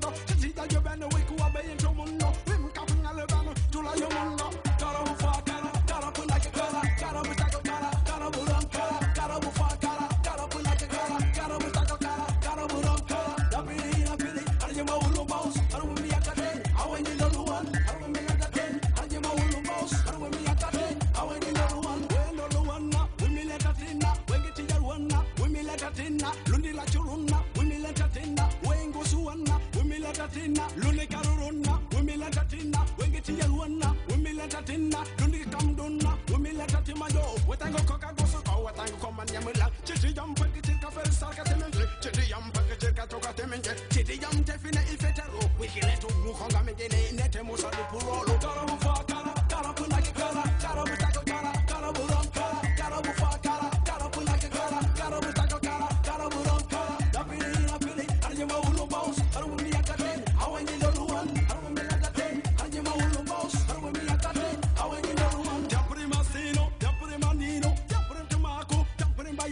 mundo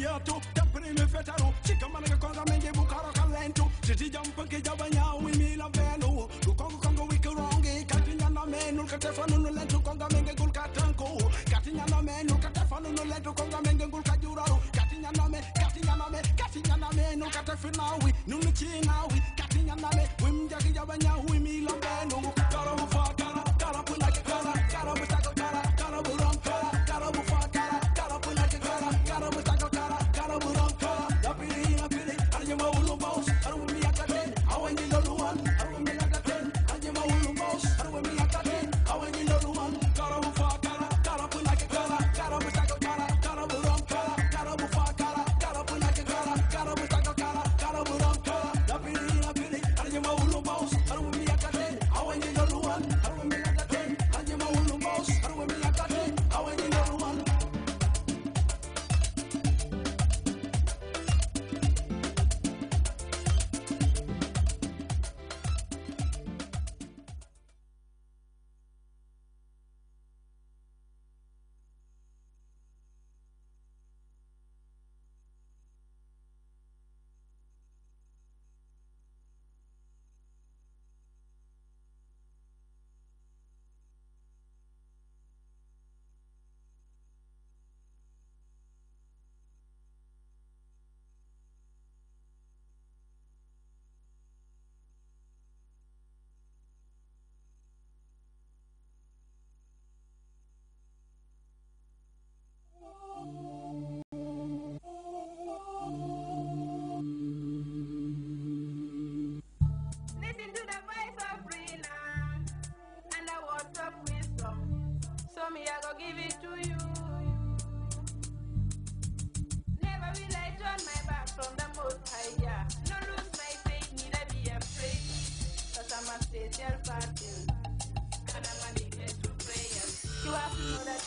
yetu Jumping in the fetaro Chika managa kwanza mingi bukara kalentu Sisi jumpa kijaba nyawi mila venu Lukongo kongo wiki rongi Kati nyana menu katefa nunu lentu Konga mingi gulka tanku Kati nyana menu katefa nunu lentu Konga mingi gulka juraru Kati nyana me, kati nyana me, kati nyana menu Katefi nawi, nunu chinawi Kati nyana me, wimjaki jaba nyawi mila venu fighting. And I to You have to know that.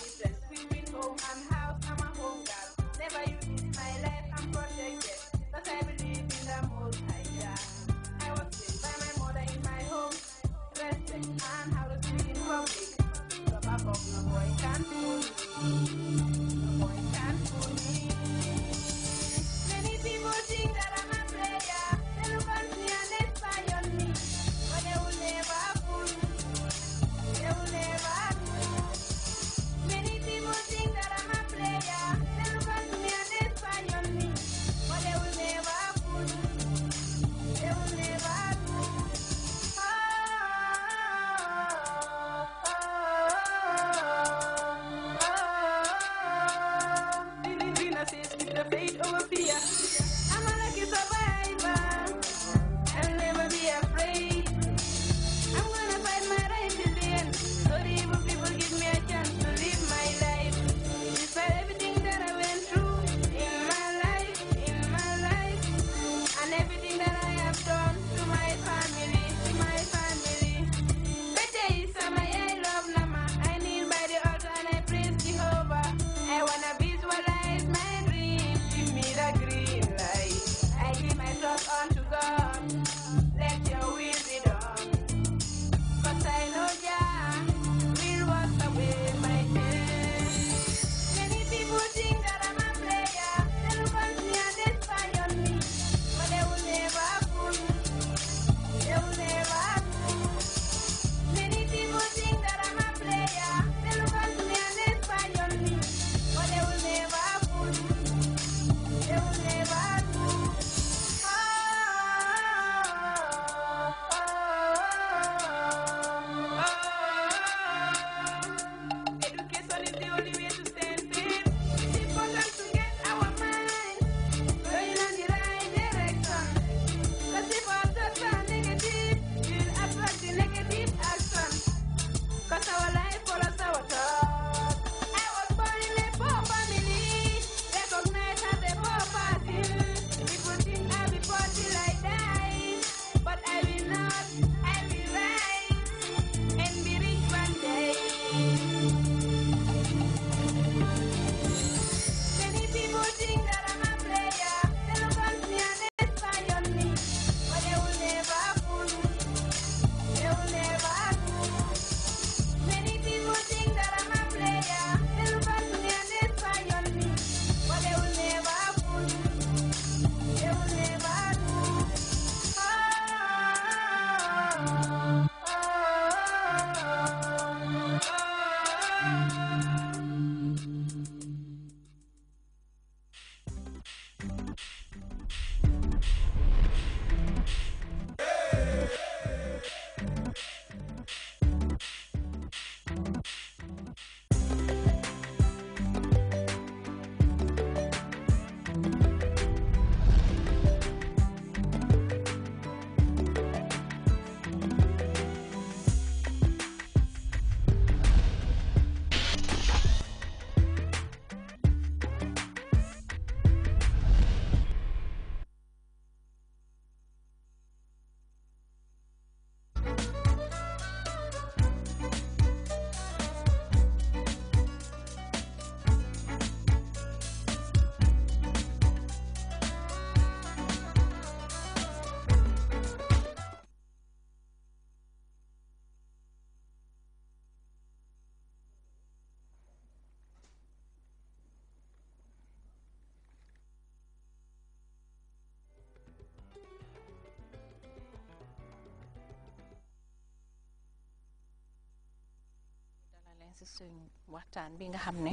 si suñ waxtaan bi nga xam ne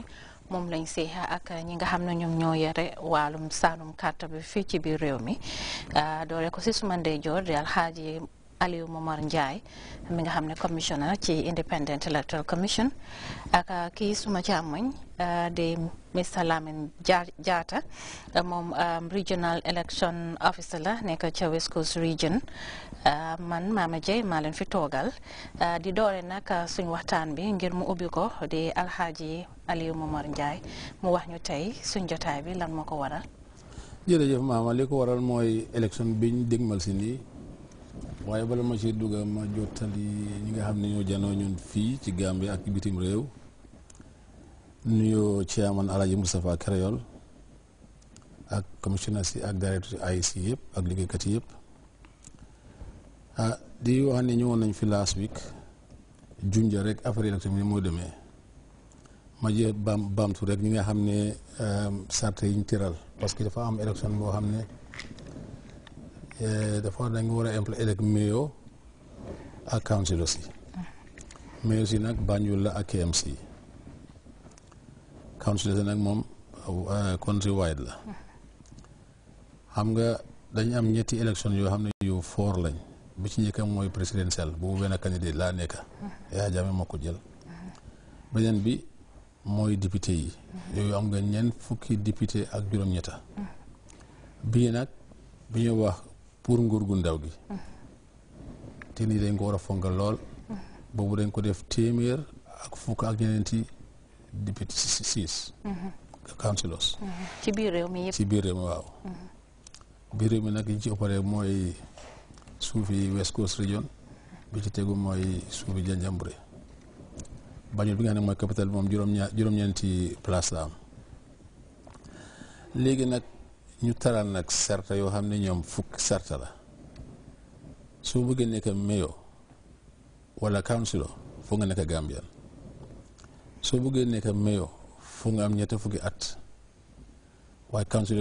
moom lañ seexa ak ñi nga xam ne ñoom ñoo yore wàllum saalum kàrta bi fii ci biir réew mi ah, doole ko si suma ndeyjoor di alxaaji Aliou Momar Ndiaye mi nga xam ne commissioner ci Independent Electoral Commission ak uh, kii suma càmmoñ uh, di Mr Lamin Jatta uh, moom um, regional election officer la nekk ca West Coast region man Mama Jey maa leen fi toogal di doore nag suñ waxtaan bi ngir mu ubbi ko di alxaaji Aliou Momar Ndiaye mu wax ñu tey suñ jotaay bi lan moo ko waral. jërëjëf mooy élection biñ dégmal si nii waaye bala ma ci dugg ma jottali ñi nga xam ne ñoo janoo ñun fii ci Gambie ak bitim réew nuyoo chairman Alhaji Moustapha Karayol ak commissioner si ak directeur AIC yëpp ak liggéeykat yëpp ah di wax ne ñëwoon nañ fi last week junja rek affaire yi moo demee ma jë baam baamtu rek ñi nga xam ne sart euh, yi ñu tëral parce que dafa am élection boo xam ne. Eh, dafa dañu war a élect mayor ak council aussi mayor si nag Banjul la ak KMC council si nag moom eh, country wide la xam nga dañ am ñetti élection yoo xam ne yu foor lañ bi ci njëkk mooy présidentielle boobu benn candidat laa nekk Yahya Jammeh moo ko jël beneen bi mooy député yi yooyu am nga ñeent fukki député ak juróom-ñetta bii nag bi ñu wax pour nguur gu ndaw gi te nii dañ ko a fonk lool boobu dañ ko def téeméer ak fuk ak ñeneenti député six councilors ci biir biir réew mi waaw biir réew mi nag yi ci opéré mooy suufi West Coast Region bi ci tegu mooy suufi Janjanbureh Banjul bi nga xam ne mooy capital moom juróom-ñeenti place la am léegi nag ñu taral nag sarta yoo xam ne ñoom fukk sarta la soo bëggee nekk mayor wala councilor foo nga nekk Gambian soo bëggee nekk mayor foo nga am ñetti fukki at waaye councilor